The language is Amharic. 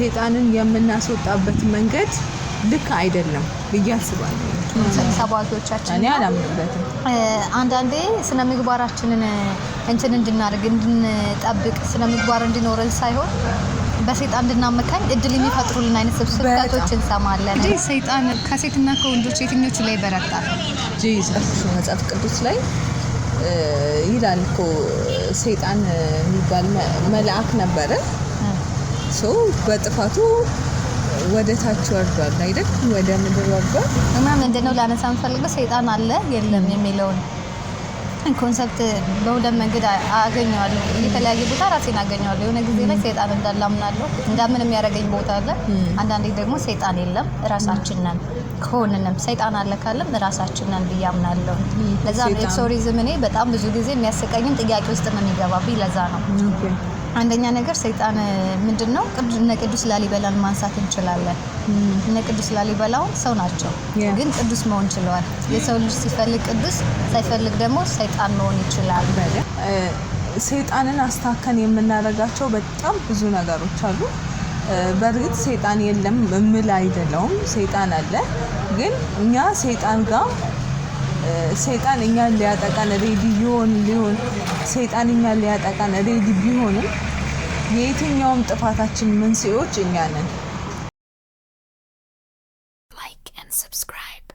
ሰይጣንን የምናስወጣበት መንገድ ልክ አይደለም ብዬ አስባለሁ። ተዋጊዎቻችን አንዳንዴ ስነ ምግባራችንን እንትን እንድናደርግ እንድንጠብቅ ስነ ምግባር እንዲኖረን ሳይሆን በሰይጣን እንድናመካኝ እድል የሚፈጥሩልን አይነት ስብስብቶች እንሰማለን። እንዴ ሰይጣን ከሴትና ከወንዶች የትኞቹ ላይ ይበረታል? ጂዘስ መጽሐፍ ቅዱስ ላይ ይላል እኮ ሰይጣን የሚባል መልአክ ነበረ ሰው በጥፋቱ ወደ ታች ወርዷል አይደል? ወደ ምድር ወርዷል። እና ምንድነው ላነሳ የምፈልገው ሰይጣን አለ የለም የሚለውን ኮንሰፕት በሁለት መንገድ አገኘዋለሁ። የተለያየ ቦታ ራሴን አገኘዋለሁ። የሆነ ጊዜ ላይ ሰይጣን እንዳላምናለሁ እንዳምን የሚያደርገኝ ቦታ አለ። አንዳንዴ ደግሞ ሰይጣን የለም ራሳችን ነን ከሆንንም ሰይጣን አለ ካለም ራሳችን ነን ብዬ አምናለሁ። ለዛ ነው ኤክሶሪዝም እኔ በጣም ብዙ ጊዜ የሚያሰቀኝም ጥያቄ ውስጥ ነው የሚገባብኝ። ለዛ ነው አንደኛ ነገር ሰይጣን ምንድን ነው? እነ ቅዱስ ላሊበላን ማንሳት እንችላለን። እነ ቅዱስ ላሊበላውን ሰው ናቸው፣ ግን ቅዱስ መሆን ችለዋል። የሰው ልጅ ሲፈልግ ቅዱስ፣ ሳይፈልግ ደግሞ ሰይጣን መሆን ይችላል። ሰይጣንን አስታከን የምናደርጋቸው በጣም ብዙ ነገሮች አሉ። በእርግጥ ሰይጣን የለም እምል አይደለውም፣ ሰይጣን አለ። ግን እኛ ሰይጣን ጋር ሰይጣን እኛን ሊያጠቃን ሬዲ ቢሆን ሊሆን ሰይጣን እኛን ሊያጠቃን ሬዲ ቢሆንም የየትኛውም ጥፋታችን መንስኤዎች እኛ ነን። ላይክ ኤንድ ሰብስክራይብ